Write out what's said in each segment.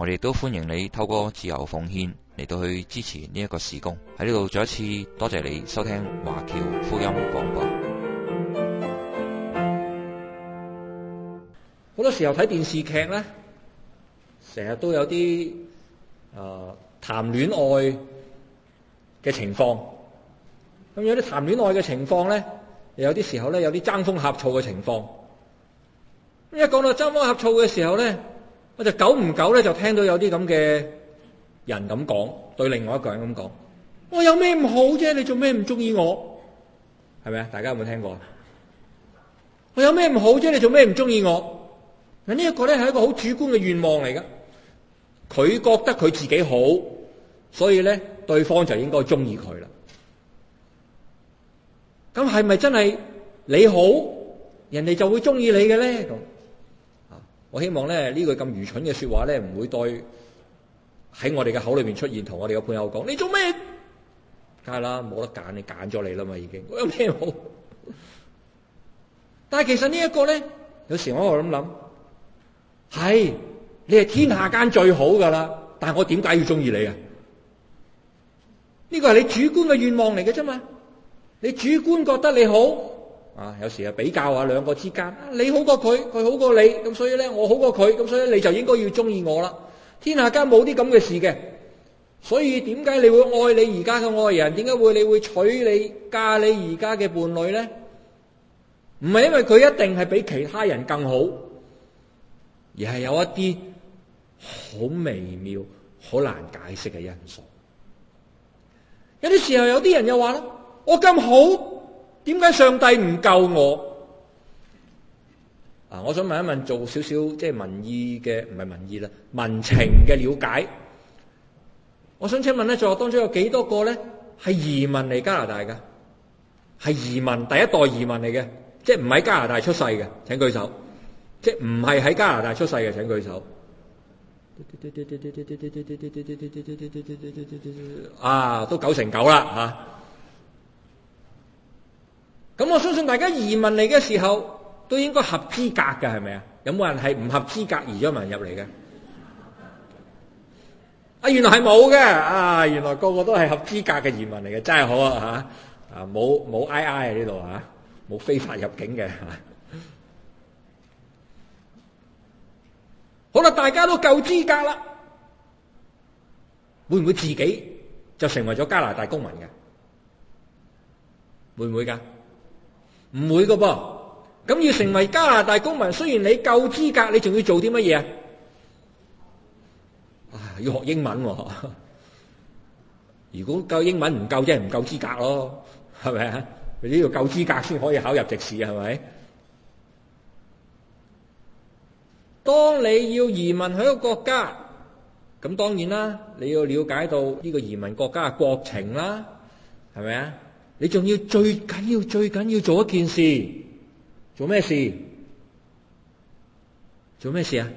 我哋都歡迎你透過自由奉獻嚟到去支持呢一個事工。喺呢度再一次多謝你收聽華僑福音廣播。好多時候睇電視劇咧，成日都有啲誒、呃、談戀愛嘅情況。咁有啲談戀愛嘅情況咧，有啲時候咧有啲爭風呷醋嘅情況。一講到爭風呷醋嘅時候咧。我就久唔久咧，就聽到有啲咁嘅人咁講，對另外一個人咁講：我有咩唔好啫？你做咩唔中意我？係咪啊？大家有冇聽過？我有咩唔好啫？你做咩唔中意我？嗱，呢一個咧係一個好主觀嘅願望嚟㗎。佢覺得佢自己好，所以咧對方就應該中意佢啦。咁係咪真係你好，人哋就會中意你嘅咧？咁？我希望咧呢這句咁愚蠢嘅說話咧，唔會對喺我哋嘅口裏面出現，同我哋嘅配偶講：你做咩？梗係啦，冇得揀，了你揀咗你啦嘛，已經。我有咩好？ 但係其實呢一個咧，有時我喺度諗諗，係你係天下間最好噶啦，但係我點解要中意你啊？呢、這個係你主觀嘅願望嚟嘅啫嘛，你主觀覺得你好。啊，有時啊比較下兩個之間，你好過佢，佢好過你，咁所以咧，我好過佢，咁所以你就應該要中意我啦。天下間冇啲咁嘅事嘅，所以點解你會愛你而家嘅愛人？點解會你會娶你嫁你而家嘅伴侶咧？唔係因為佢一定係比其他人更好，而係有一啲好微妙、好難解釋嘅因素。有啲時候，有啲人又話咧：我咁好。點解上帝唔救我？啊！我想問一問，做少少即係民意嘅，唔係民意啦，民情嘅了解。我想請問咧，在座當中有幾多個咧係移民嚟加拿大嘅？係移民，第一代移民嚟嘅，即係唔喺加拿大出世嘅，請舉手。即係唔係喺加拿大出世嘅，請舉手。啊，都九成九啦，吓。咁我相信大家移民嚟嘅時候都應該合資格㗎，係咪啊？有冇人係唔合資格移咗人入嚟嘅？ 啊，原來係冇嘅，啊，原來個個都係合資格嘅移民嚟嘅，真係好啊吓！啊，冇冇 I I 呢度啊，冇、啊、非法入境嘅、啊，好啦，大家都夠資格啦，會唔會自己就成為咗加拿大公民嘅？會唔會噶？唔會噶噃，咁要成為加拿大公民，雖然你夠資格，你仲要做啲乜嘢啊？啊，要學英文哦。 如果夠英文唔夠，即係唔夠資格咯，係咪啊？你要夠資格先可以考入籍試，係咪？當你要移民去一個國家，咁當然啦，你要了解到呢個移民國家嘅國情啦，係咪啊？你仲要最緊要最緊要做一件事，做咩事？做咩事啊？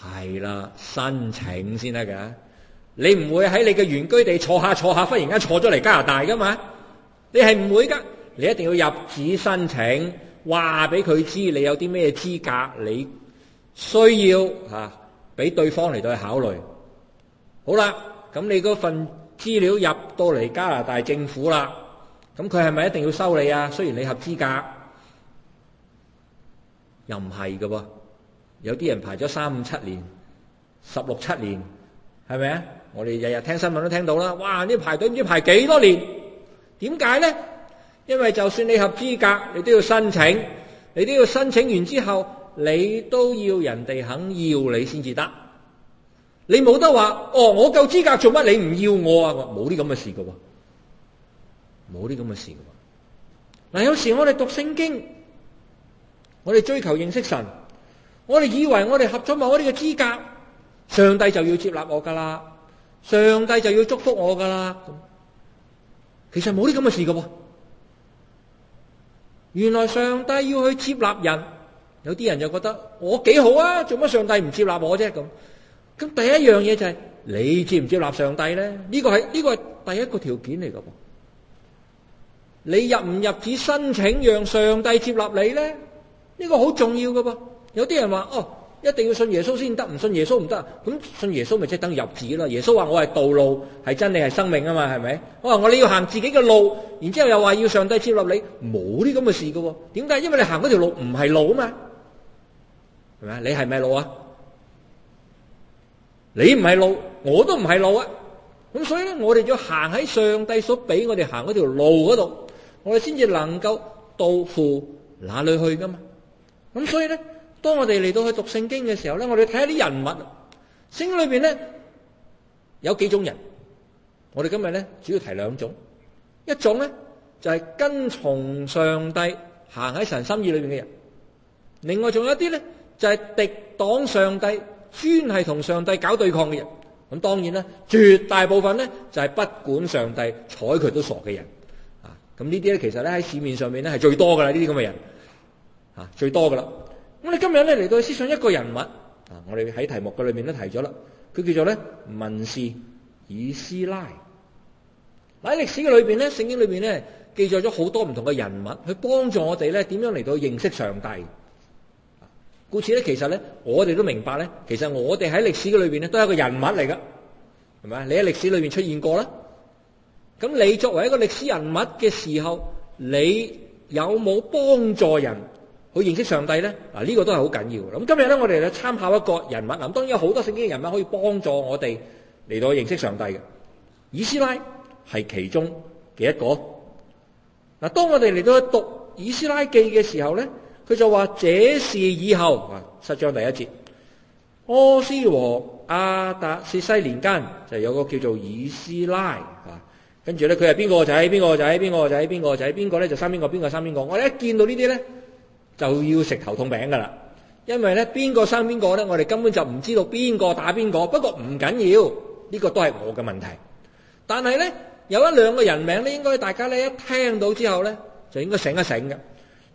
係啦，申請先得噶。你唔會喺你嘅原居地坐下坐下，忽然間坐咗嚟，加拿大噶嘛？你係唔會噶，你一定要入紙申請，話俾佢知你有啲咩資格，你需要吓俾、啊、對方嚟到去考慮。好啦，咁你嗰份。資料入到嚟加拿大政府啦，咁佢係咪一定要收你啊？雖然你合資格，又唔係㗎喎。有啲人排咗三五七年、十六七年，係咪啊？我哋日日聽新聞都聽到啦。哇！呢排隊唔知排幾多年，點解呢？因為就算你合資格，你都要申請，你都要申請完之後，你都要人哋肯要你先至得。你冇得話哦，我夠資格做乜？你唔要我啊！冇啲咁嘅事噶，冇啲咁嘅事噶。嗱，有時我哋讀聖經，我哋追求認識神，我哋以為我哋合咗某啲嘅資格，上帝就要接納我噶啦，上帝就要祝福我噶啦。其實冇啲咁嘅事噶。原來上帝要去接納人，有啲人就覺得我幾好啊，做乜上帝唔接納我啫咁？咁第一樣嘢就係你接唔接納上帝咧？呢、這個係呢、這個係第一個條件嚟噶噃。你入唔入紙申請讓上帝接納你咧？呢、這個好重要噶噃。有啲人話哦，一定要信耶穌先得，唔信耶穌唔得。咁、嗯、信耶穌咪即係等於入紙咯？耶穌話我係道路，係真理，係生命啊嘛，係咪？我話我哋要行自己嘅路，然之後又話要上帝接納你，冇呢咁嘅事噶。點解？因為你行嗰條路唔係路啊嘛，係咪？你係咪路啊？你唔係路，我都唔係路啊！咁所以咧，我哋要行喺上帝所俾我哋行嗰條路嗰度，我哋先至能夠到父哪裏去噶嘛？咁所以咧，當我哋嚟到去讀聖經嘅時候咧，我哋睇下啲人物，聖經裏邊咧有幾種人，我哋今日咧主要提兩種，一種咧就係跟從上帝行喺神心意裏邊嘅人，另外仲有一啲咧就係敵擋上帝。專係同上帝搞對抗嘅人，咁當然啦，絕大部分咧就係、是、不管上帝睬佢都傻嘅人，啊，咁呢啲咧其實咧喺市面上面咧係最多噶啦，呢啲咁嘅人，啊，最多噶啦。咁我哋今日咧嚟到思想一個人物，啊，我哋喺題目嘅裏面都提咗啦，佢叫做咧文士以斯拉。喺歷史嘅裏邊咧，聖經裏邊咧記載咗好多唔同嘅人物，去幫助我哋咧點樣嚟到認識上帝。故此咧，其實咧，我哋都明白咧，其實我哋喺歷史嘅裏邊咧，都係一個人物嚟噶，係咪？你喺歷史裏邊出現過啦。咁你作為一個歷史人物嘅時候，你有冇幫助人去認識上帝咧？嗱，呢個都係好緊要嘅。咁今日咧，我哋咧參考一個人物，咁當然有好多聖經嘅人物可以幫助我哋嚟到認識上帝嘅。以斯拉係其中嘅一個。嗱，當我哋嚟到讀以斯拉記嘅時候咧。佢就話：這事以後啊，七章第一節，波斯王亞達薛西年間就有個叫做以斯拉啊，跟住咧佢係邊個仔？邊個仔？邊個仔？邊個仔？邊個咧就生邊個？邊個生邊個？我哋一見到呢啲咧就要食頭痛餅噶啦，因為咧邊個生邊個咧，我哋根本就唔知道邊個打邊個。不過唔緊要，呢個都係我嘅問題。但係咧有一兩個人名咧，應該大家咧一聽到之後咧就應該醒一醒嘅。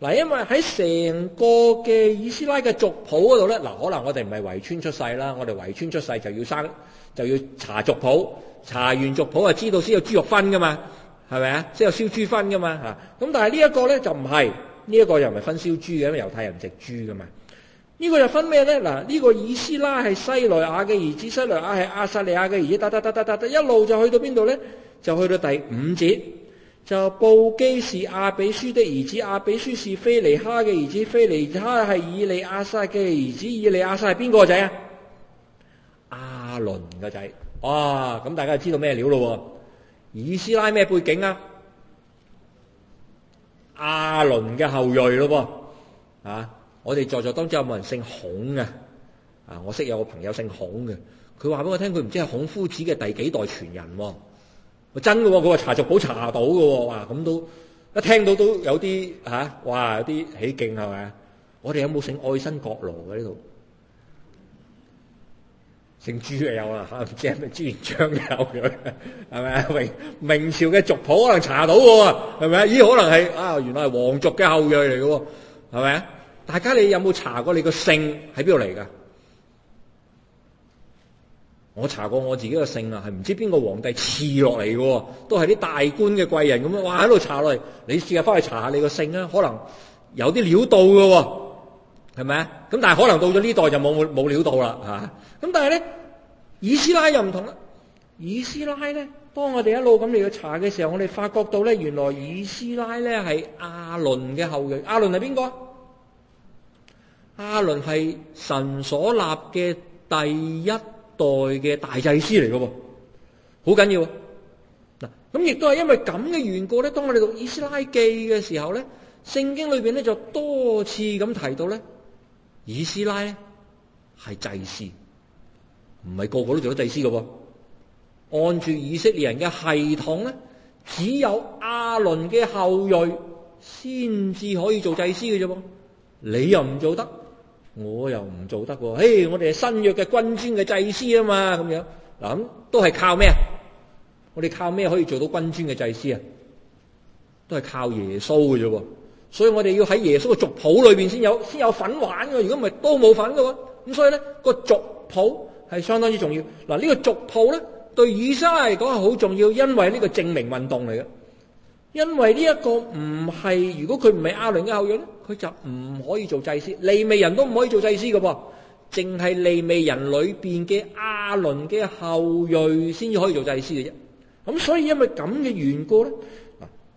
嗱，因為喺成個嘅以斯拉嘅族譜嗰度咧，嗱，可能我哋唔係圍村出世啦，我哋圍村出世就要生，就要查族譜，查完族譜啊，知道先有豬肉分噶嘛，係咪啊？先有燒豬分噶嘛嚇。咁但係呢一個咧就唔係，呢、這、一個又唔係分燒豬嘅，因為猶太人唔食豬噶嘛。這個、呢、這個又分咩咧？嗱，呢個以斯拉係西奈亞嘅兒子，西奈亞係亞薩利亞嘅兒子，嗒嗒嗒嗒嗒嗒，一路就去到邊度咧？就去到第五節。就布基是亞比書的兒子，亞比書是菲尼哈嘅兒子，菲尼哈係以利亞撒嘅兒子，以利亞撒係邊個仔啊？亞倫個仔，哇、啊！咁大家就知道咩料咯？以斯拉咩背景啊？亞倫嘅後裔咯，啊！我哋在座當中有冇人姓孔嘅？啊，我識有個朋友姓孔嘅，佢話俾我聽，佢唔知係孔夫子嘅第幾代傳人。真嘅喎，佢話查族譜查到嘅喎，哇，咁都一聽到都有啲吓、啊，哇有啲起勁係咪？我哋有冇姓愛新覺羅嘅呢度？姓朱嘅有啦，嚇、啊、唔知係咪朱元璋嘅後裔係咪啊？明明朝嘅族譜可能查到嘅喎，係咪啊？咦，可能係啊，原來係皇族嘅後裔嚟嘅喎，係咪啊？大家你有冇查過你個姓喺邊度嚟㗎？我查過我自己個姓啊，係唔知邊個皇帝賜落嚟嘅，都係啲大官嘅貴人咁樣。哇，喺度查落嚟，你試下返去查下你個姓啊，可能有啲料到嘅，係咪啊？咁但係可能到咗呢代就冇冇料到啦，嚇。咁但係咧，以斯拉又唔同啦。以斯拉咧，當我哋一路咁嚟去查嘅時候，我哋發覺到咧，原來以斯拉咧係亞倫嘅後裔。亞倫係邊個？亞倫係神所立嘅第一代嘅大祭司嚟噶，好緊要啊，嗱。咁亦都係因為咁嘅緣故咧，當我哋讀以斯拉記嘅時候咧，聖經裏邊咧就多次咁提到咧，以斯拉咧係祭司，唔係個個都做咗祭司噃，按住以色列人嘅系統咧，只有亞倫嘅後裔先至可以做祭司嘅啫，你又唔做得？我又唔做得喎，誒，我哋係新約嘅君尊嘅祭司啊嘛，咁樣嗱，咁都係靠咩？我哋靠咩可以做到君尊嘅祭司啊？都係靠耶穌嘅啫喎，所以我哋要喺耶穌嘅族譜裏邊先有先有份玩嘅。如果唔係都冇份嘅喎，咁所以呢個族譜係相當之重要嗱。呢個族譜咧對以斯拉嚟講係好重要，因為呢個證明運動嚟嘅。因為呢一個唔係，如果佢唔係亞倫嘅後裔咧，佢就唔可以做祭司。利未人都唔可以做祭司嘅噃，淨係利未人裏邊嘅亞倫嘅後裔先可以做祭司嘅啫。咁所以因為咁嘅緣故咧，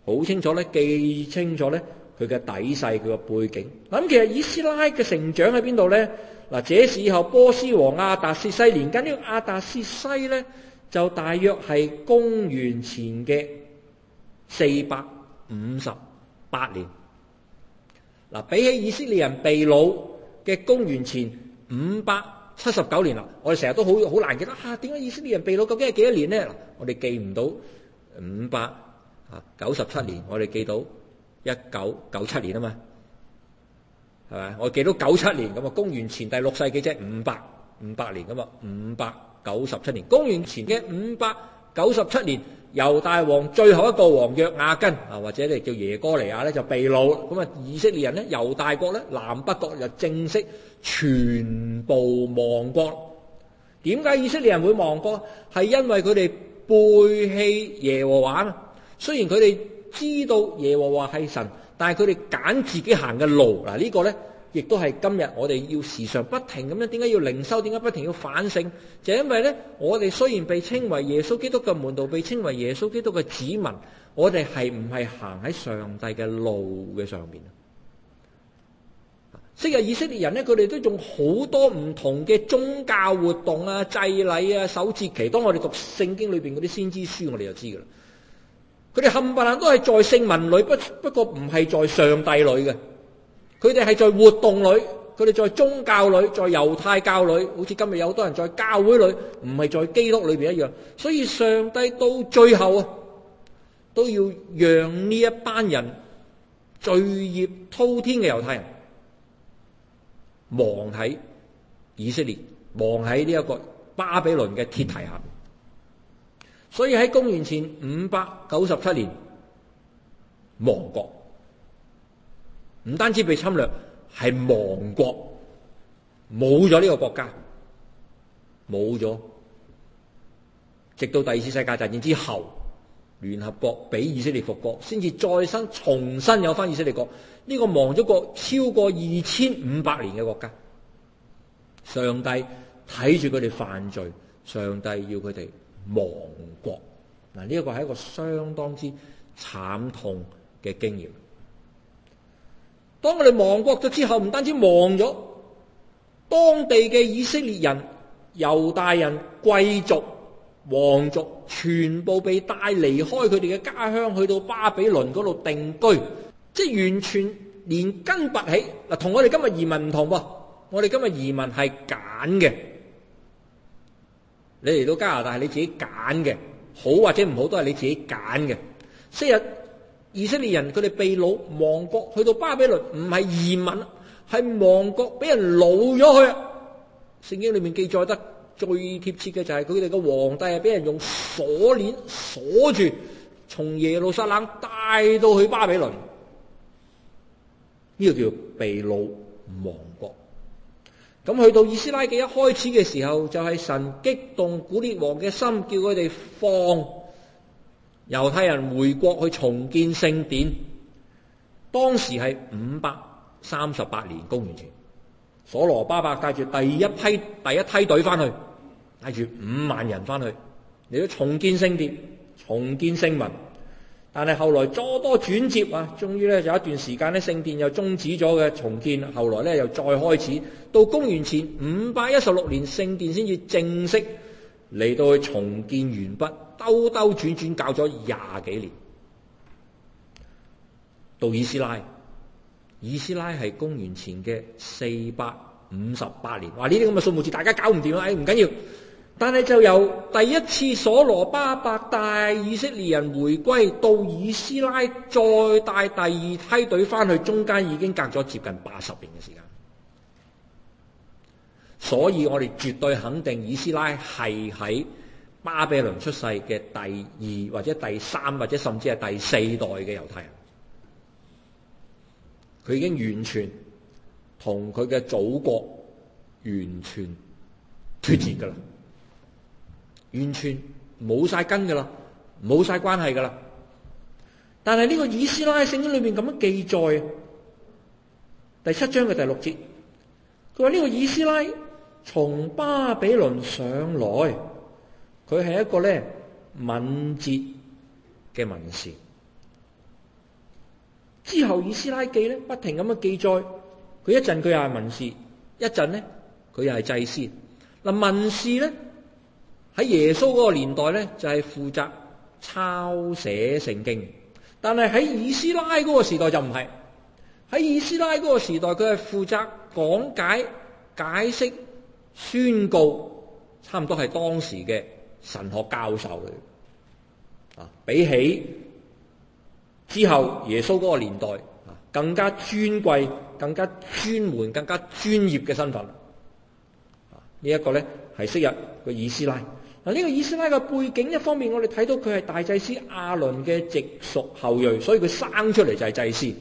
好清楚咧，記清楚咧，佢嘅底細，佢嘅背景。咁其實以斯拉嘅成長喺邊度咧？嗱，這時候波斯王亞達薛西，連緊呢個亞達薛西咧，就大約係公元前嘅。四百五十八年，嗱，比起以色列人被擄嘅公元前五百七十九年啦，我哋成日都好好難記得啊！點解以色列人被擄究竟係幾多年咧？我哋記唔到五百啊九十七年，我哋記到一九九七年啊嘛，係嘛？我記到九七年咁啊，公元前第六世紀啫，五百五百年咁啊，五百九十七年，公元前嘅五百。九十七年，猶大王最後一個王約雅斤，啊，或者你叫耶哥尼亞咧，就被擄。咁啊，以色列人咧，猶大國咧，南北國就正式全部亡國。點解以色列人會亡國？係因為佢哋背棄耶和華。雖然佢哋知道耶和華係神，但係佢哋揀自己行嘅路。嗱、這個，呢個咧。亦都係今日，我哋要時常不停咁樣。點解要靈修？點解不停要反省？就係因為咧，我哋雖然被稱為耶穌基督嘅門徒，被稱為耶穌基督嘅子民，我哋係唔係行喺上帝嘅路嘅上面啊？昔日以色列人咧，佢哋都仲好多唔同嘅宗教活動啊、祭禮啊、首節期。當我哋讀聖經裏邊嗰啲先知書，我哋就知噶啦。佢哋冚唪唥都係在聖文裏，不不過唔係在上帝裏嘅。佢哋係在活動裏，佢哋在宗教裏，在猶太教裏，好似今日有好多人在教會裏，唔係在基督裏面一樣。所以上帝到最後啊，都要讓呢一班人罪孽滔天嘅猶太人亡喺以色列，亡喺呢一個巴比倫嘅鐵蹄下。所以喺公元前五百九十七年亡國。唔單止被侵略，係亡國，冇咗呢個國家，冇咗。直到第二次世界大戰之後，聯合國俾以色列復國，先至再生，重新有翻以色列國。呢個亡咗國超過二千五百年嘅國家，上帝睇住佢哋犯罪，上帝要佢哋亡國。嗱，呢一個係一個相當之慘痛嘅經驗。當我哋亡國咗之後，唔單止亡咗當地嘅以色列人、猶大人、貴族、皇族，全部被帶離開佢哋嘅家鄉，去到巴比倫嗰度定居，即係完全連根拔起。嗱，同我哋今日移民唔同噃，我哋今日移民係揀嘅，你嚟到加拿大係你自己揀嘅，好或者唔好都係你自己揀嘅，昔日。以色列人佢哋被擄亡國，去到巴比倫唔係移民，係亡國俾人擄咗去了。聖經裏面記載得最貼切嘅就係佢哋嘅皇帝係俾人用鎖鏈鎖住，從耶路撒冷帶到去巴比倫。呢、這個叫做被擄亡國。咁去到《以斯拉記》一開始嘅時候，就係、是、神激動古列王嘅心，叫佢哋放。猶太人回國去重建聖殿，當時係五百三十八年公元前，所羅巴伯帶住第一批第一梯隊翻去，帶住五萬人翻去，嚟到重建聖殿、重建聖文。但係後來再多轉折啊，終於咧有一段時間咧聖殿又中止咗嘅重建，後來咧又再開始，到公元前五百一十六年聖殿先至正式。嚟到去重建完畢，兜兜轉轉，搞咗廿幾年。到以斯拉，以斯拉係公元前嘅四百五十八年。哇，呢啲咁嘅數目字大家搞唔掂啊！誒，唔緊要，但係就由第一次所羅巴伯帶以色列人回歸，到以斯拉再帶第二梯隊翻去，中間已經隔咗接近八十年嘅時間。所以我哋絕對肯定，以斯拉係喺巴比倫出世嘅第二或者第三或者甚至係第四代嘅猶太人。佢已經完全同佢嘅祖國完全脫節㗎啦，完全冇晒根㗎啦，冇晒關係㗎啦。但係呢個以斯拉喺聖經裏邊咁樣記載，第七章嘅第六節，佢話呢個以斯拉。從巴比倫上來，佢係一個咧敏捷嘅文士。之後以斯拉記咧不停咁樣記載，佢一陣佢又係文士，一陣呢佢又係祭司。嗱，文士咧喺耶穌嗰個年代咧就係負責抄寫聖經，但係喺以斯拉嗰個時代就唔係，喺以斯拉嗰個時代佢係負責講解解釋。宣告，差唔多係當時嘅神學教授嚟啊，比起之後耶穌嗰個年代啊，更加尊貴、更加專門、更加專業嘅身份，呢、這、一個咧係昔日個、這個以斯拉。嗱呢個以斯拉嘅背景一方面，我哋睇到佢係大祭司亞倫嘅直屬後裔，所以佢生出嚟就係祭司。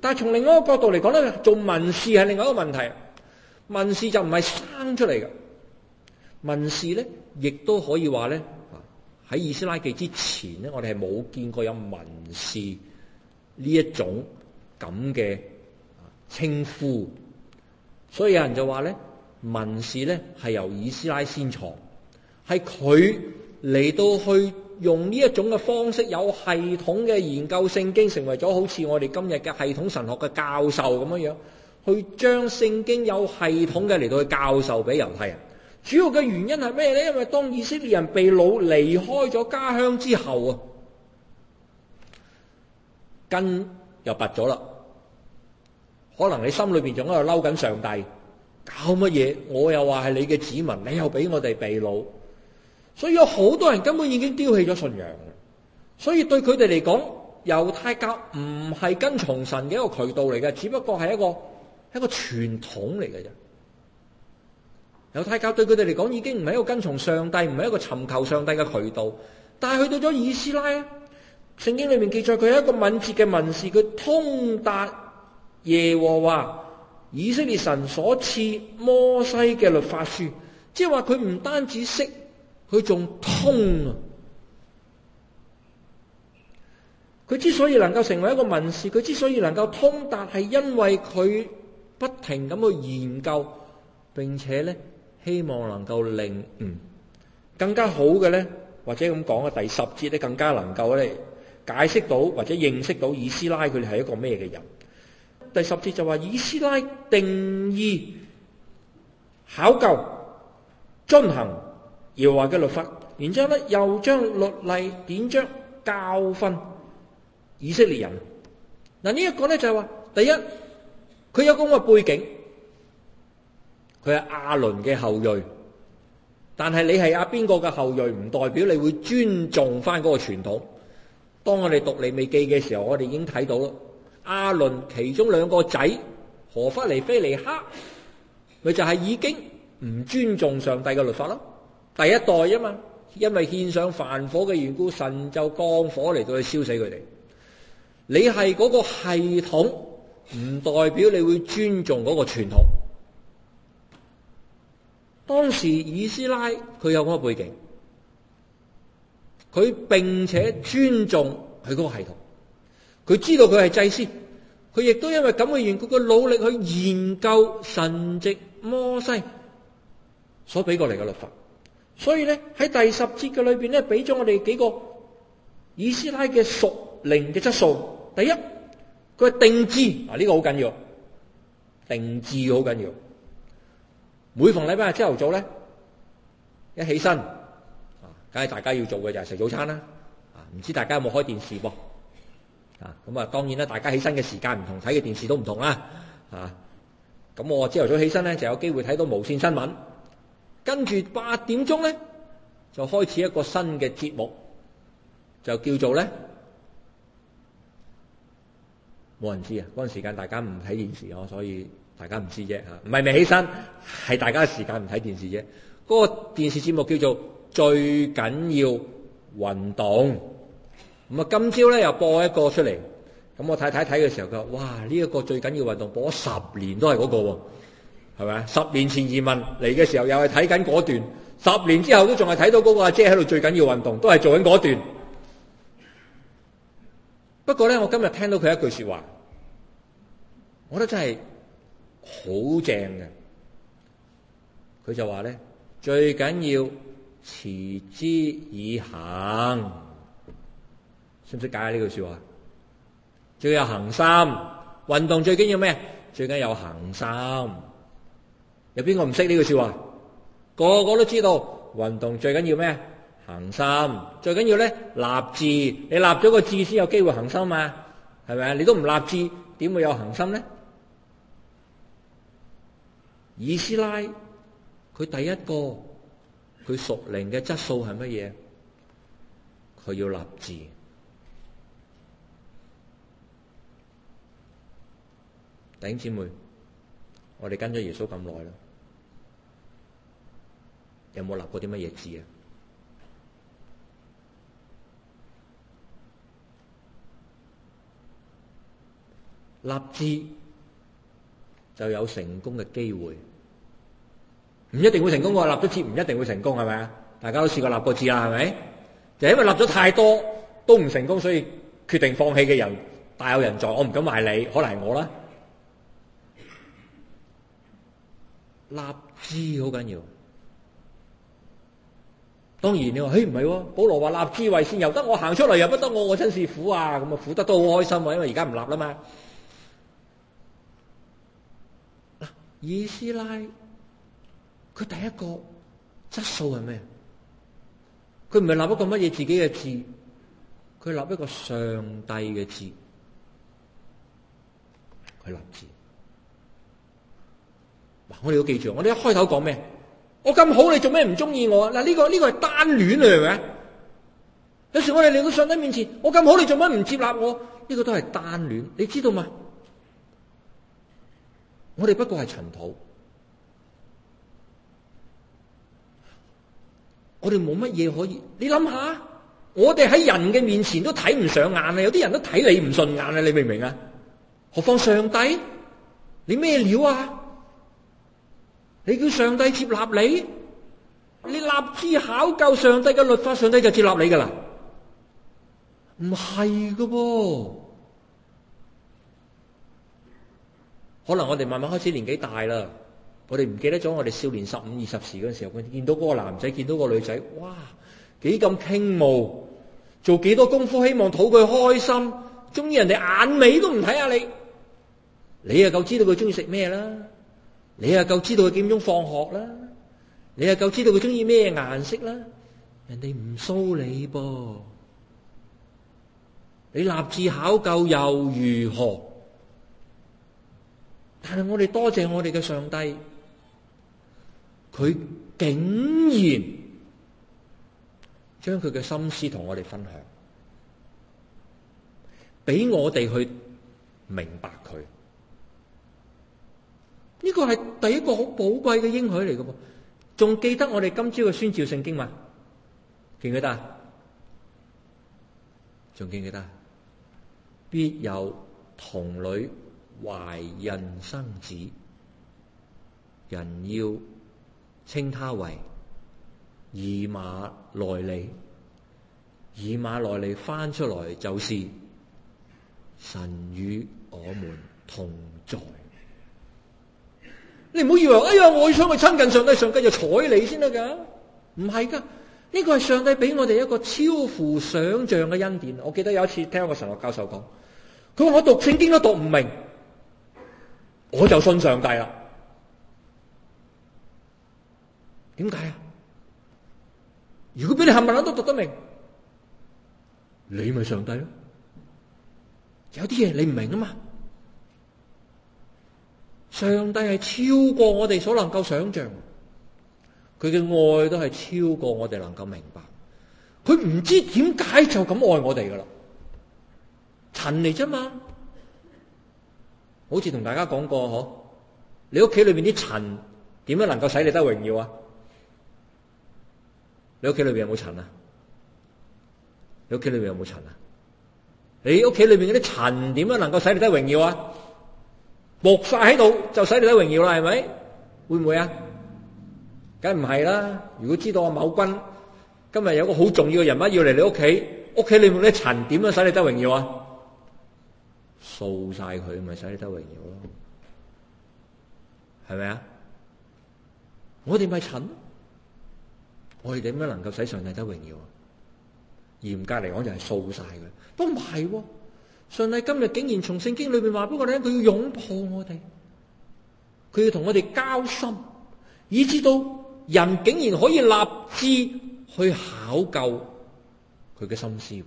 但係從另外一個角度嚟講咧，做文士係另外一個問題。文士就唔係生出嚟嘅，文士咧亦都可以話，咧喺《以斯拉記》之前咧，我哋係冇見過有文士呢一種咁嘅稱呼，所以有人就話咧，文士咧係由以斯拉先藏，係佢嚟到去用呢一種嘅方式，有系統嘅研究聖經，成為咗好似我哋今日嘅系統神學嘅教授咁樣樣。去將聖經有系統嘅嚟到去教授俾猶太人，主要嘅原因係咩咧？因為當以色列人被擄離開咗家鄉之後啊，根又拔咗啦，可能你心裏邊仲喺度嬲緊上帝，搞乜嘢？我又話係你嘅子民，你又俾我哋被擄，所以有好多人根本已經丟棄咗信仰，所以對佢哋嚟講，猶太教唔係跟從神嘅一個渠道嚟嘅，只不過係一個。一個傳統嚟嘅啫，猶太教對佢哋嚟講已經唔係一個跟從上帝，唔係一個尋求上帝嘅渠道。但係去到咗以斯拉，聖經裏面記載佢係一個敏捷嘅文士，佢通達耶和華以色列神所賜摩西嘅律法書，即係話佢唔單止識，佢仲通啊！佢之所以能夠成為一個文士，佢之所以能夠通達，係因為佢。不停咁去研究，並且咧，希望能夠令嗯更加好嘅咧，或者咁講啊，第十節咧更加能夠咧解釋到或者認識到以斯拉佢哋係一個咩嘅人。第十節就話以斯拉定義、考究、遵行耶和華嘅律法，然之後咧又將律例典章教訓以色列人。嗱呢一個咧就係話第一。佢有咁嘅背景，佢係亞倫嘅後裔，但係你係阿邊個嘅後裔，唔代表你會尊重翻嗰個傳統。當我哋讀利未記嘅時候，我哋已經睇到啦。亞倫其中兩個仔何弗尼、非尼哈，咪就係已經唔尊重上帝嘅律法啦。第一代啊嘛，因為獻上凡火嘅緣故，神就降火嚟到去燒死佢哋。你係嗰個系統。唔代表你會尊重嗰個傳統。當時以斯拉佢有個背景，佢並且尊重佢嗰個系統，佢知道佢係祭司，佢亦都因為咁嘅緣故嘅努力去研究神藉摩西所俾過嚟嘅律法。所以咧喺第十節嘅裏邊咧，俾咗我哋幾個以斯拉嘅屬靈嘅質素。第一，定志啊！呢個好緊要，定志好緊要。每逢禮拜日朝頭早咧，一起身，啊，梗係大家要做嘅就係食早餐啦。啊，唔知大家有冇開電視噃？啊，咁啊，當然啦，大家起身嘅時間唔同，睇嘅電視都唔同啊。啊，咁我朝頭早起身咧，就有機會睇到無線新聞。跟住八點鐘咧，就開始一個新嘅節目，就叫做咧。冇人知啊！嗰陣時間大家唔睇電視咯，所以大家唔知啫嚇。唔係未起身，係大家時間唔睇電視啫。嗰個電視節目叫做《最緊要運動》。咁啊，今朝咧又播一個出嚟。咁我睇睇睇嘅時候，佢話：哇！呢一個最緊要運動播咗十年都係嗰個喎，係咪啊？十年前移民嚟嘅時候，又係睇緊嗰段。十年之後都仲係睇到嗰個阿姐喺度最緊要運動，都係做緊嗰段。不過咧，我今日聽到佢一句説話，我覺得真係好正嘅。佢就話咧，最緊要持之以恆，識唔識解呢句説話？最緊有恆心，運動最緊要咩？最緊要有恆心。有邊個唔識呢句説話？個個都知道運動最緊要咩？恒心，最緊要咧立志，你立咗個志先有機會恒心嘛，啊？係咪啊？你都唔立志，點會有恒心咧？以斯拉佢第一個佢屬靈嘅質素係乜嘢？佢要立志，弟兄姐妹，我哋跟咗耶穌咁耐啦，有冇立過啲乜嘢志啊？立志就有成功嘅機會，唔一定會成功嘅。我立咗志唔一定會成功，係咪啊？大家都試過立過志啦，係咪？就係因為立咗太多都唔成功，所以決定放棄嘅人大有人在。我唔敢話你，可能係我啦。立志好緊要。當然你話，嘿，唔係，保羅話立志為先，由得我行出嚟，又不得我，我真是苦啊！咁啊，苦得都好開心啊，因為而家唔立啦嘛。以斯拉，佢第一個質素係咩？佢唔係立一個乜嘢自己嘅字，佢立一個上帝嘅字，佢立字。嗱，我哋要記住，我哋一開頭講咩？我咁好，你做咩唔鍾意我？嗱，呢個呢個係單戀嚟嘅。有時我哋嚟到上帝面前，我咁好，你做乜唔接納我？呢個都係單戀，你知道嗎？我哋不過係塵土，我哋冇乜嘢可以。你諗下，我哋喺人嘅面前都睇唔上眼啊！有啲人都睇你唔順眼啊！你明唔明啊？何況上帝，你咩料啊？你叫上帝接納你，你立志考究上帝嘅律法，上帝就接納你噶啦，唔係噶噃。可能我哋慢慢開始年紀大啦，我哋唔記得咗我哋少年十五二十時嗰陣時候，見到嗰個男仔，見到個女仔，哇，幾咁傾慕，做幾多功夫，希望討佢開心，終於人哋眼尾都唔睇下你，你又夠知道佢中意食咩啦，你又夠知道佢幾點鐘放學啦，你又夠知道佢中意咩顏色啦，人哋唔騷你噃，你立志考究又如何？但係我哋多謝我哋嘅上帝，佢竟然將佢嘅心思同我哋分享，俾我哋去明白佢。呢個係第一個好寶貴嘅應許嚟嘅噃，仲記得我哋今朝嘅宣召聖經文記唔記得？仲記唔記得？必有童女。懷孕生子，人要稱他為以馬內利。以馬內利翻出來就是神與我們同在。 你唔好以為哎呀，我要想去親近上帝上，上帝就睬你先得噶，唔係噶。呢個係上帝俾我哋一個超乎想象嘅恩典。我記得有一次聽一個神學教授講，佢話我讀聖經都讀唔明。我就信上帝啦。點解啊？如果俾你冚唪唥都讀得明，你咪上帝咯。有啲嘢你唔明啊嘛。上帝係超過我哋所能夠想象，佢嘅愛都係超過我哋能夠明白。佢唔知點解就咁愛我哋噶啦，塵嚟啫嘛。好似同大家講過嗬，你屋企裏面啲塵點樣能夠使你得榮耀啊？你屋企裏面有冇塵啊？你屋企裏面有冇塵啊？你屋企裏面嗰啲塵點樣能夠使你得榮耀啊？木晒喺度就使你得榮耀啦，係咪？會唔會啊？梗唔係啦！如果知道阿某君今日有個好重要嘅人物要嚟你屋企，屋企裏面啲塵點樣使你得榮耀啊？掃晒佢，咪使得榮耀咯？係咪啊？我哋咪蠢？我哋點樣能夠使上帝得榮耀啊？嚴格嚟講，就係掃晒佢。不過唔係，上帝今日竟然從聖經裏邊話俾我聽，佢要擁抱我哋，佢要同我哋交心，以致到人竟然可以立志去考究佢嘅心思。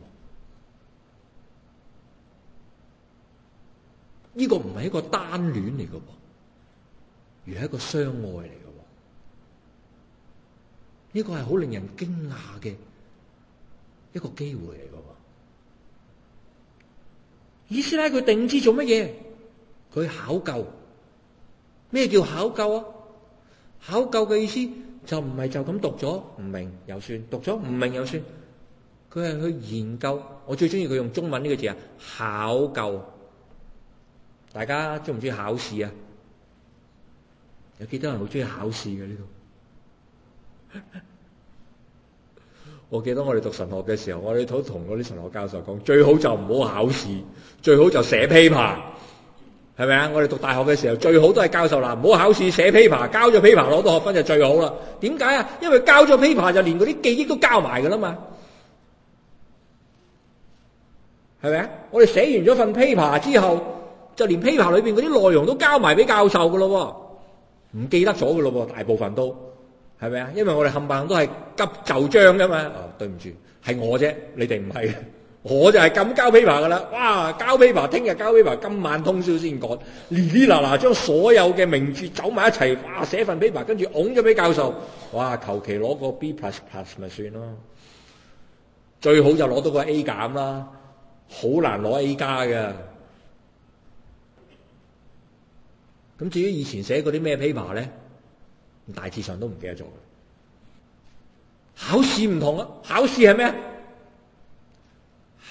呢個唔係一個單戀嚟㗎喎，而係一個相愛嚟㗎喎。呢、這個係好令人驚訝嘅一個機會嚟㗎喎。以斯拉佢定知做乜嘢？佢考究咩叫考究啊？考究嘅意思就唔係就咁讀咗唔明又算，讀咗唔明又算。佢係去研究。我最中意佢用中文呢個字啊，考究。大家中唔中意考試啊？有幾多人好中意考試嘅呢度？ 我記得我哋讀神學嘅時候，我哋都同嗰啲神學教授講，最好就唔好考試，最好就寫 paper，係咪啊？我哋讀大學嘅時候，最好都係教授啦，唔好考試，寫 paper，交咗 paper 攞到學分就最好啦。點解啊？因為交咗 paper 就連嗰啲記憶都交埋噶啦嘛。係咪啊？我哋寫完咗份 paper 之後，就連 paper 裏邊嗰啲內容都交埋俾教授噶咯，唔記得咗噶咯噃，大部分都係咪啊？因為我哋冚唪唥都係急就章噶嘛。哦、啊，對唔住，係我啫，你哋唔係。我就係咁交 paper 噶啦。哇，交 paper，聽日交 paper，今晚通宵先趕，呢呢嗱嗱，將所有嘅名著走埋一齊，哇，寫份 paper，跟住拱咗俾教授。哇，求其攞個 B plus plus 咪算咯，最好就攞到個 A 減啦，好難攞 A 加嘅。咁至於以前寫嗰啲咩 paper 咧，大致上都唔記得咗。考試唔同呀，考試係咩？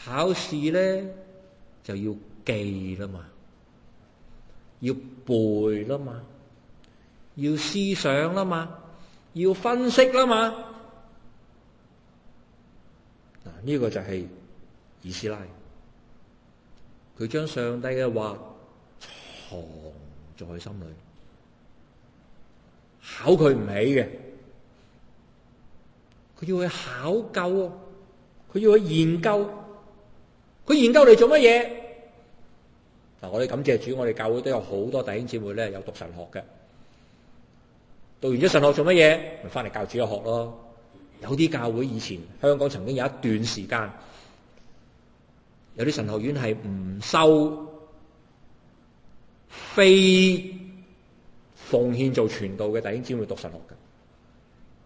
考試咧就要記啦嘛，要背啦嘛，要思想啦嘛，要分析啦嘛。嗱，呢個就係以斯拉，佢將上帝嘅話藏在心裏，考佢唔起嘅，佢要去考究，佢要去研究，佢研究嚟做乜嘢？嗱，我哋感謝主，我哋教會都有好多弟兄姊妹咧，有讀神學嘅，讀完咗神學做乜嘢？咪翻嚟教主日學咯。有啲教會以前香港曾經有一段時間，有啲神學院係唔收。非奉獻做傳道嘅弟兄姊妹讀神學嘅，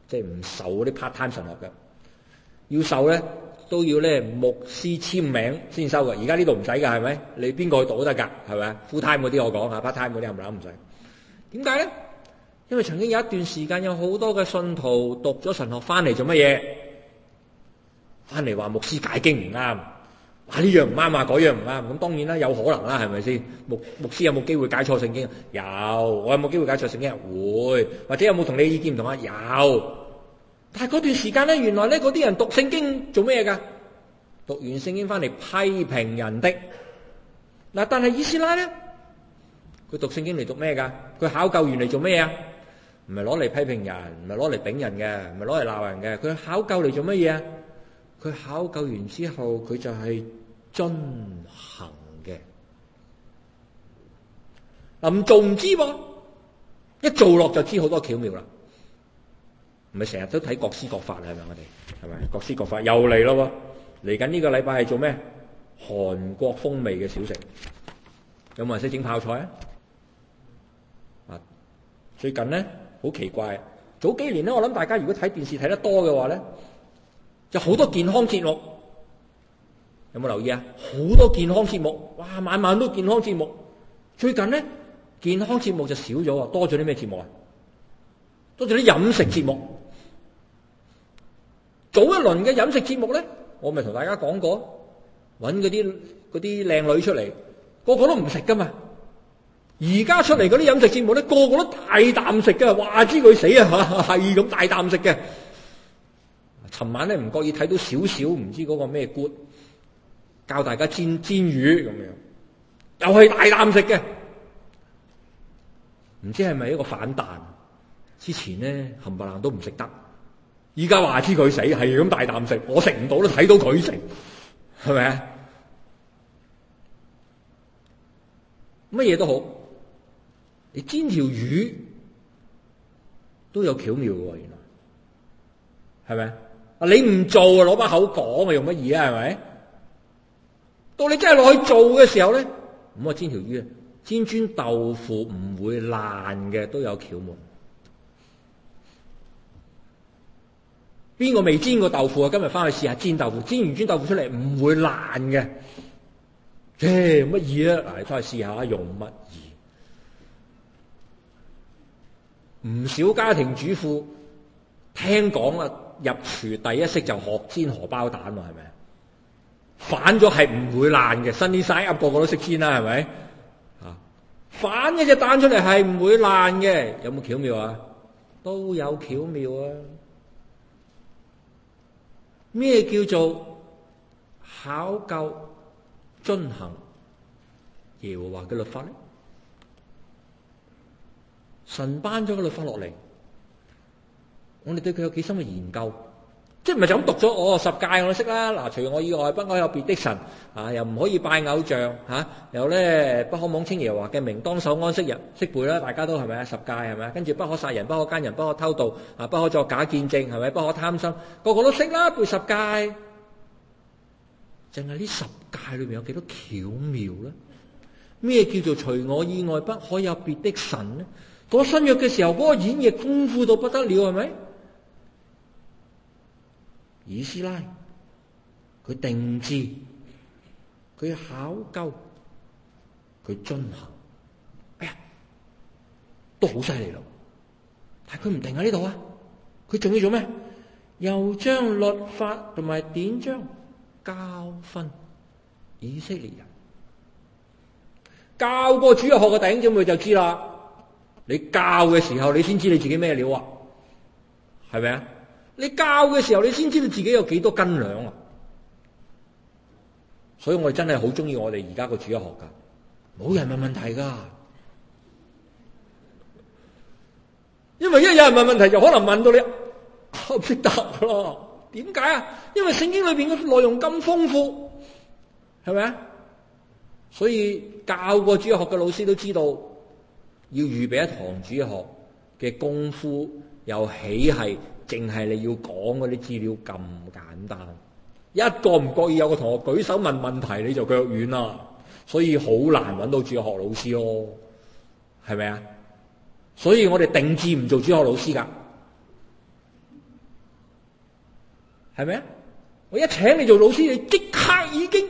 即係唔受嗰啲 part time 神學嘅。要受咧都要咧牧師簽名先收嘅。而家呢度唔使噶，係咪？你邊個去讀都得噶，係咪？full time 嗰啲我講吓，part time 嗰啲我諗唔使。點解咧？因為曾經有一段時間有好多嘅信徒讀咗神學翻嚟做乜嘢？翻嚟話牧師解經唔啱。啊！呢樣唔啱，啊，話嗰樣唔啱。咁當然啦，有可能啦，係咪先？牧牧師有冇機會解錯聖經？有，我有冇機會解錯聖經？會，或者有冇同你意見唔同啊？有。但係嗰段時間咧，原來咧嗰啲人讀聖經做咩嘢噶？讀完聖經翻嚟批評人的。嗱，但係以斯拉咧，佢讀聖經嚟讀咩噶？佢考究完嚟做咩嘢啊？唔係攞嚟批評人，唔係攞嚟炳人嘅，唔係攞嚟鬧人嘅。佢考究嚟做乜嘢啊？佢考究完之後，佢就係遵行嘅。嗱，唔做唔知噃，一做落就知好多巧妙啦。唔係成日都睇各施各法啦，係咪我哋？係咪各施各法又嚟咯？嚟緊呢個禮拜係做咩？韓國風味嘅小食，有冇人識整泡菜啊？啊，最近咧好奇怪，早幾年咧，我諗大家如果睇電視睇得多嘅話咧。就好多健康節目，有冇留意啊？好多健康節目，哇，晚晚都健康節目。最近咧，健康節目就少咗啊，多咗啲咩節目啊？多咗啲飲食節目。早一輪嘅飲食節目咧，我咪同大家講過，搵嗰啲嗰啲靚女出嚟，個個都唔食噶嘛。而家出嚟嗰啲飲食節目咧，個個都大啖食㗎，話知佢死啊，係咁大啖食嘅。尋晚咧唔覺意睇到少少唔知嗰個咩官教大家煎煎魚咁樣，又係大啖食嘅，唔知係咪一個反彈？之前咧冚唪唥都唔食得，而家話知佢死係咁大啖食，我食唔到都睇到佢食，係咪啊？乜嘢都好，你煎條魚都有巧妙嘅，原來係咪？你唔做啊，攞把口講啊，用乜嘢啊？係咪？到你真係落去做嘅時候咧，咁啊煎條魚啊，煎磚豆腐唔會爛嘅都有竅門。邊個未煎過豆腐啊？今日翻去試下煎豆腐，煎完磚豆腐出嚟唔會爛嘅，即係乜嘢啊？嚟翻去試下用乜嘢？唔少家庭主婦聽講啊。.入廚第一式就學煎荷包蛋喎，係咪？反咗係唔會爛嘅，新啲晒，生個個都識煎啦，係咪？啊，反嗰隻蛋出嚟係唔會爛嘅，有冇巧妙啊？都有巧妙啊！咩叫做考究遵行耶和華嘅律法咧？神頒咗個律法落嚟。我哋對佢有幾深嘅研究，即係唔係就咁讀咗我十誡我都識啦。嗱，除我以外不可有別的神啊，又唔可以拜偶像吓，啊，又咧不可妄稱耶和華嘅名，當守安息日識背啦。大家都係咪啊？十誡係咪？跟住不可殺人，不可奸人，不可偷盜，啊，不可作假見證係咪？不可貪心，個個都識啦，背十誡。淨係呢十誡裏面有幾多巧妙咧？咩叫做除我以外不可有別的神咧？嗰個，新約嘅時候嗰，嗰個演繹功夫到不得了係咪？以斯拉，佢定志，佢考究，佢遵行，哎呀，都好犀利咯！但係佢唔定喺呢度啊，佢仲要做咩？又將律法同埋典章教訓以色列人，教過主日學嘅弟兄姊妹就知啦。你教嘅時候，你先知你自己咩料啊？係咪啊？你教嘅時候，你先知道自己有幾多斤兩啊！所以我真係好中意我哋而家個主日學噶，冇人問問題噶，因為一有人問問題就可能問到你唔識答咯。點解啊？因為聖經裏邊嘅內容咁豐富，係咪啊？所以教過主日學嘅老師都知道，要預備一堂主日學嘅功夫又豈係？淨係你要講嗰啲資料咁簡單，一個唔覺意有個同學舉手問問題，你就腳軟啦，所以好難揾到主學老師哦，係咪啊？所以我哋定志唔做主學老師噶，係咪啊？我一請你做老師，你即刻已經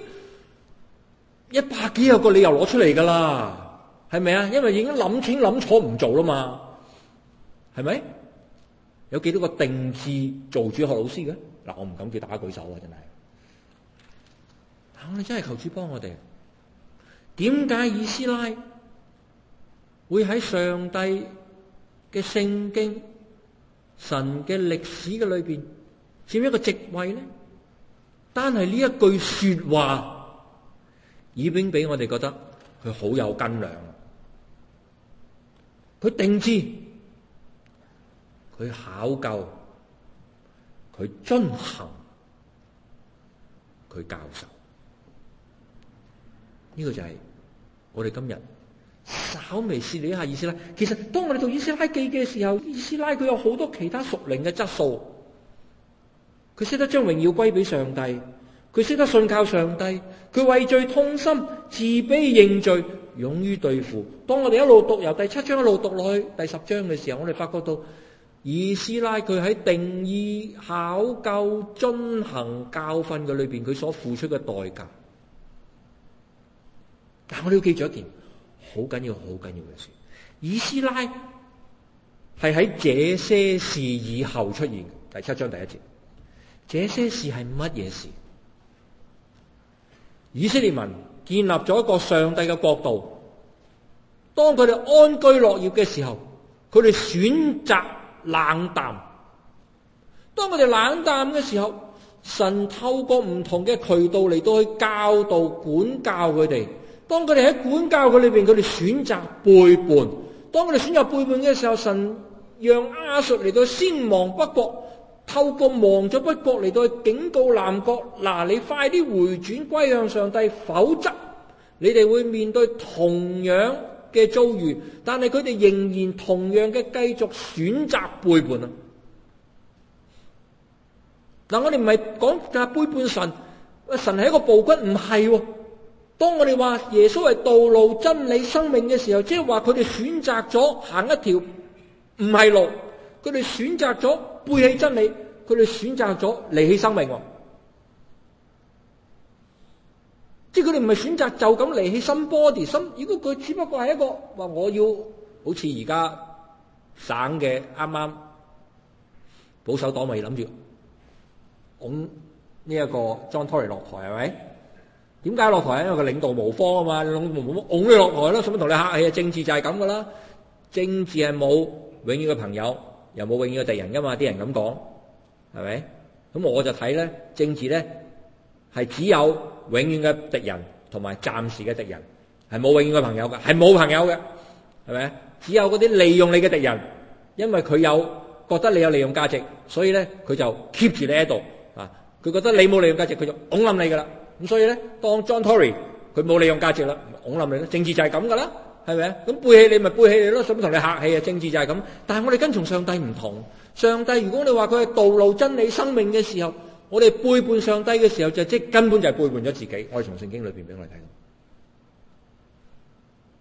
一百幾廿個理由攞出嚟噶啦，係咪啊？因為已經諗錢諗錯唔做啦嘛，係咪？有幾多個定志做主學老師嘅嗱？我唔敢叫大家舉手啊！真係，但我真係求主幫我哋。點解以斯拉會喺上帝嘅聖經、神嘅歷史嘅裏邊佔一個席位咧？單係呢一句說話，已經俾我哋覺得佢好有斤量。佢定志。佢考究，佢遵行，佢教授呢，這個就係我哋今日稍微試一下意思啦。其實當我哋讀《以斯拉記》嘅時候，《以斯拉》佢有好多其他屬靈嘅質素，佢識得將榮耀歸俾上帝，佢識得信靠上帝，佢畏罪痛心、自卑認罪、勇於對付。當我哋一路讀由第七章一路讀落去第十章嘅時候，我哋發覺到。以斯拉佢喺定義、考究、遵行教訓嘅裏邊，佢所付出嘅代價。但係我都要記住一件好緊要、好緊要嘅事。以斯拉係喺這些事以後出現，第七章第一節。這些事係乜嘢事？以色列民建立咗一個上帝嘅國度，當佢哋安居樂業嘅時候，佢哋選擇。冷淡，當佢哋冷淡嘅時候，神透過唔同嘅渠道嚟到去教導、管教佢哋。當佢哋喺管教佢裏邊，佢哋選擇背叛。當佢哋選擇背叛嘅時候，神讓亞述嚟到先亡北國，透過亡咗北國嚟到去警告南國：嗱，你快啲回轉歸向上帝，否則你哋會面對同樣。嘅遭遇，但係佢哋仍然同樣嘅繼續選擇背叛啊！嗱，我哋唔係講就係背叛神，神係一個暴君，唔係，哦。當我哋話耶穌係道路、真理、生命嘅時候，即係話佢哋選擇咗行一條唔係路，佢哋選擇咗背棄真理，佢哋選擇咗離棄生命。即係佢哋唔係選擇就咁離起新波迪森。如果佢只不過係一個話，我要好似而家省嘅啱啱保守黨咪諗住拱呢一個 John Tory 落台，係咪？點解落台？因為個領導無方啊嘛，拱拱你落台咯，使乜同你客氣啊？政治就係咁噶啦，政治係冇永遠嘅朋友，又冇永遠嘅敵人噶嘛，啲人咁講係咪？咁我就睇咧，政治咧係只有，永遠嘅敵人同埋暫時嘅敵人，係冇永遠嘅朋友噶，係冇朋友嘅，係咪？只有嗰啲利用你嘅敵人，因為佢有覺得你有利用價值，所以咧佢就 keep 住你喺度啊！佢覺得你冇利用價值，佢就拱冧你噶啦。咁所以咧，當 John Tory 佢冇利用價值啦，拱冧你啦。政治就係咁噶啦，係咪啊？咁背棄你咪背棄你咯，想同你客氣啊？政治就係咁。但係我哋跟從上帝唔同，上帝如果你話佢係道路真理生命嘅時候。我哋背叛上帝嘅時候，就即根本就係背叛咗自己。我哋從聖經裏邊俾我哋睇，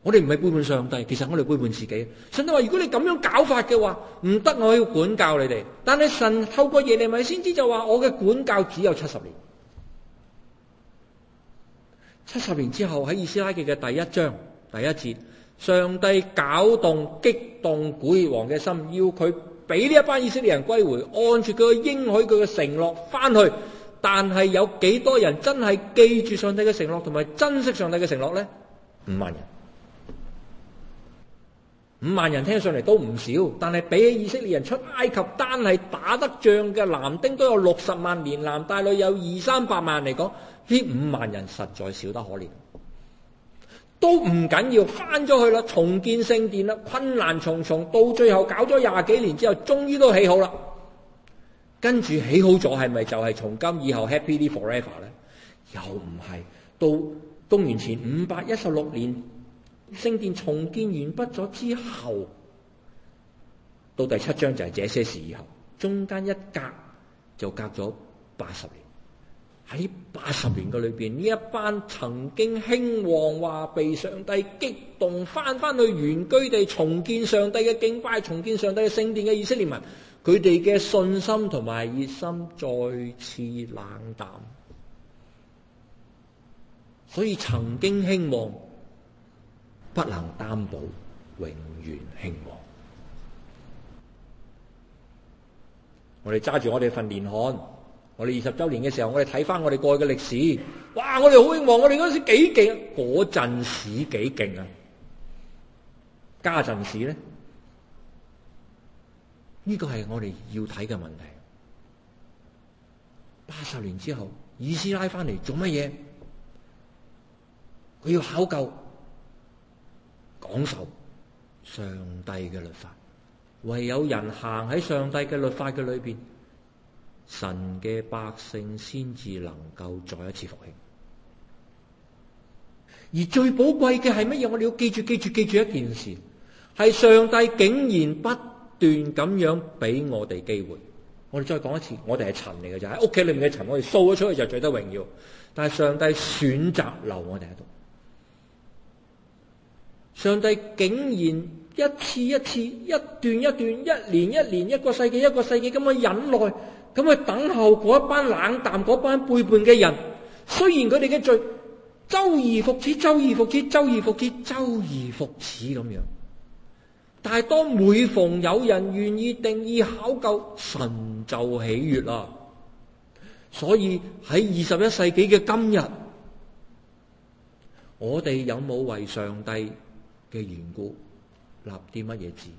我哋唔係背叛上帝，其實我哋背叛自己。神話如果你咁樣搞法嘅話，唔得，我要管教你哋。但係神透過耶利米，咪先知就話我嘅管教只有七十年。七十年之後喺《以斯拉記》嘅第一章第一節，上帝攪動、激動古列王嘅心，要佢。俾呢一班以色列人歸回，按住佢嘅應許佢嘅承諾翻去，但係有幾多人真係記住上帝嘅承諾同埋珍惜上帝嘅承諾呢？五萬人，五萬人聽上嚟都唔少，但係比起以色列人出埃及單係打得仗嘅男丁都有六十萬連藍，連男帶女有二三百萬嚟講，呢五萬人實在少得可憐。都唔緊要，翻咗去啦，重建聖殿啦，困難重重，到最後搞咗廿幾年之後終於都起好啦。跟住起好咗，係咪就係從今以後 happily forever 咧？又唔係，到公元前五百一十六年聖殿重建完畢咗之後。到第七章就係這些事以後，中間一隔就隔咗八十年。喺八十年嘅裏邊，呢一班曾經興旺，話被上帝激動翻翻去原居地重建上帝嘅敬拜、重建上帝嘅聖殿嘅以色列民，佢哋嘅信心同埋熱心再次冷淡，所以曾經興旺不能擔保永遠興旺。我哋揸住我哋份年刊。我哋二十周年嘅時候，我哋睇翻我哋過去嘅歷史，哇！我哋好興旺，我哋嗰時幾勁，嗰陣時幾勁啊！家陣時咧，呢個係我哋要睇嘅問題。八十年之後，以斯拉翻嚟做乜嘢？佢要考究講授上帝嘅律法，唯有人行喺上帝嘅律法嘅裏邊，神嘅百姓先至能夠再一次復興，而最寶貴嘅係乜嘢？我哋要記住、記住、記住一件事，係上帝竟然不斷咁樣俾我哋機會。我哋再講一次，我哋係塵嚟嘅，就喺屋企裏面嘅塵。我哋掃咗出去就最得榮耀，但係上帝選擇留我哋喺度。上帝竟然一次一次、一段一段、一年一年、一年、一個世紀一個世紀咁樣忍耐。咁去等候嗰一班冷淡、嗰班背叛嘅人，雖然佢哋嘅罪周而復始、周而復始、周而復始、周而復始咁樣，但係當每逢有人願意定義考究，神就喜悅啦。所以喺二十一世紀嘅今日，我哋有冇為上帝嘅緣故立啲乜嘢字？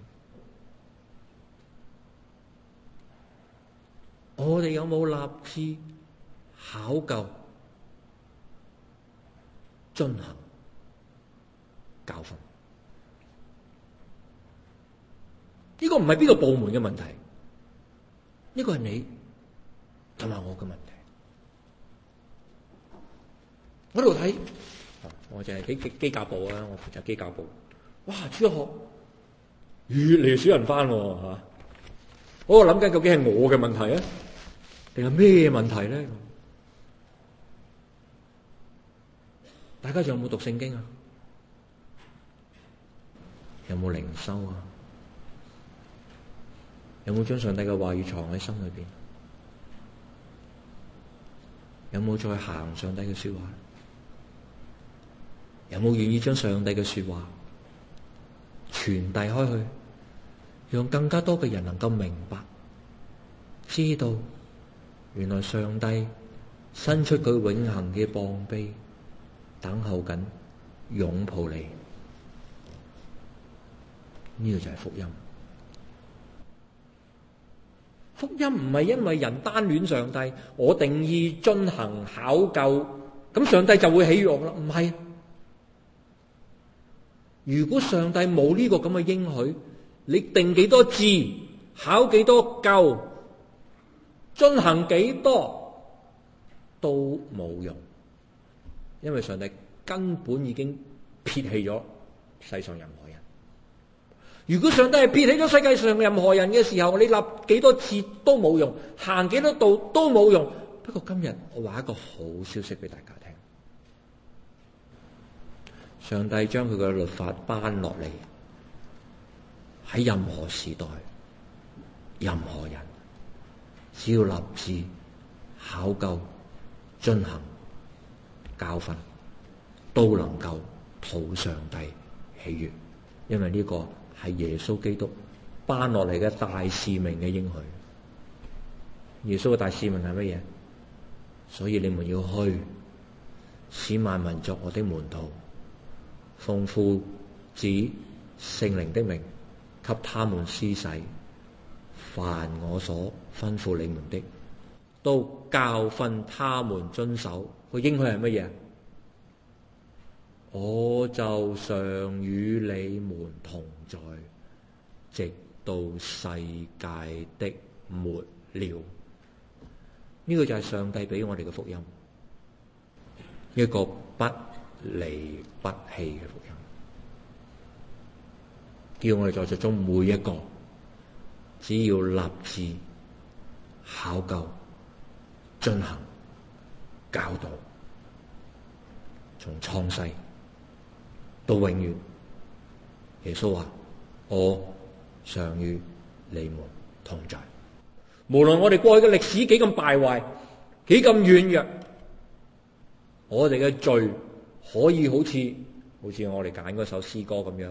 我哋有冇立志考究進行教訓？呢、這個唔係邊個部門嘅問題，呢、這個係你同埋我嘅問題。我喺度睇，我就係喺基教部啊，我負責基教部。哇，朱學越嚟越少人翻，吓、啊，我諗緊究竟係我嘅問題啊？定係咩問題呢？大家有冇讀聖經啊？有冇靈修啊？有冇將上帝嘅話語藏喺心裏邊？有冇再行上帝嘅說話？有冇願意將上帝嘅說話傳遞開去，讓更加多嘅人能夠明白、知道？原來上帝伸出佢永恒嘅臂膀，等候緊擁抱你。呢個就係福音。福音唔係因為人單戀上帝，我定義進行考究，咁上帝就會起用啦。唔係，如果上帝冇呢個咁嘅應許，你定幾多字，考幾多舊？進行幾多都冇用，因為上帝根本已經撇棄咗世上任何人。如果上帝係撇棄咗世界上任何人嘅時候，你立幾多次都冇用，行幾多度都冇用。不過今日我話一個好消息俾大家聽，上帝將佢嘅律法頒落嚟，喺任何時代，任何人。只要立志考究遵行教訓，都能夠討上帝喜悅。因為呢個係耶穌基督頒落嚟嘅大使命嘅應許。耶穌嘅大使命係乜嘢？所以你們要去使萬民作我的門徒，奉父子聖靈的名給他們施洗，凡我所吩咐你們的，都教訓他們遵守。個應許係乜嘢？我就常與你們同在，直到世界的末了。呢、這個就係上帝俾我哋嘅福音，一個不離不棄嘅福音，叫我哋在其中每一個只要立志。考究、進行、教導，從創世到永遠，耶穌話：我常與你們同在。無論我哋過去嘅歷史幾咁敗壞、幾咁軟弱，我哋嘅罪可以好似好似我哋揀嗰首詩歌咁樣，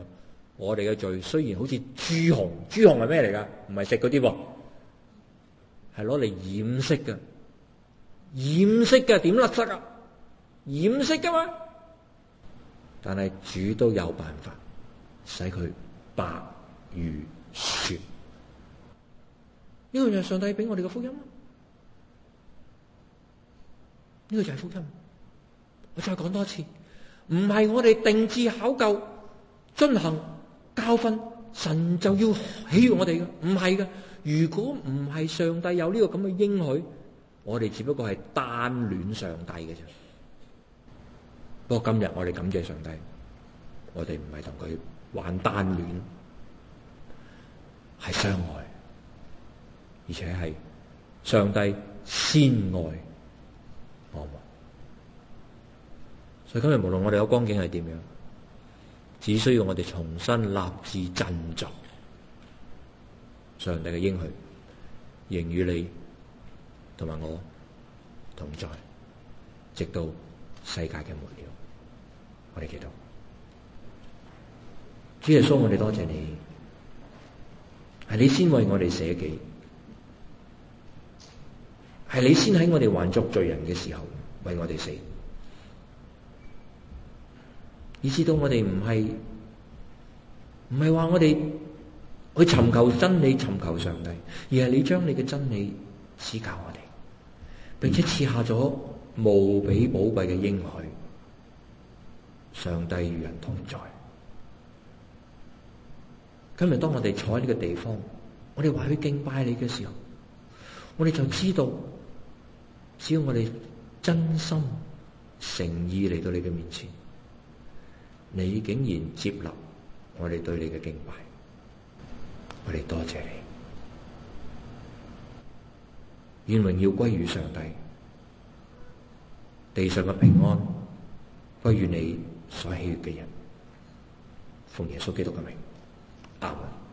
我哋嘅罪雖然好似朱紅，朱紅係咩嚟㗎？唔係食嗰啲噃。係攞嚟掩飾嘅，掩飾嘅點甩色啊！掩飾噶嘛？但係主都有辦法使佢白如雪。呢個就係上帝俾我哋嘅福音。呢、呢個就係福音。我再講多次，唔係我哋定制考究、進行教訓，神就要喜悅我哋嘅，唔係嘅。如果唔係上帝有呢個咁嘅應許，我哋只不過係單戀上帝嘅啫。不過今日我哋感謝上帝，我哋唔係同佢玩單戀，係相愛，而且係上帝先愛我嘛。所以今日無論我哋嘅光景係點樣，只需要我哋重新立志振作，上帝嘅應許，仍與你同埋我同在，直到世界嘅末了。我哋祈禱，主耶穌，我哋多謝你，係你先為我哋寫記，係你先喺我哋還作罪人嘅時候為我哋死。意思到我哋唔係唔係話我哋。佢尋求真理，尋求上帝，而係你將你嘅真理指教我哋，並且賜下咗無比寶貴嘅應許。上帝與人同在。今日當我哋坐喺呢個地方，我哋話去敬拜你嘅時候，我哋就知道，只要我哋真心誠意嚟到你嘅面前，你竟然接納我哋對你嘅敬拜。我哋多謝你，願榮耀歸於上帝，地上嘅平安歸於你所喜悅嘅人，奉耶穌基督嘅名，阿們！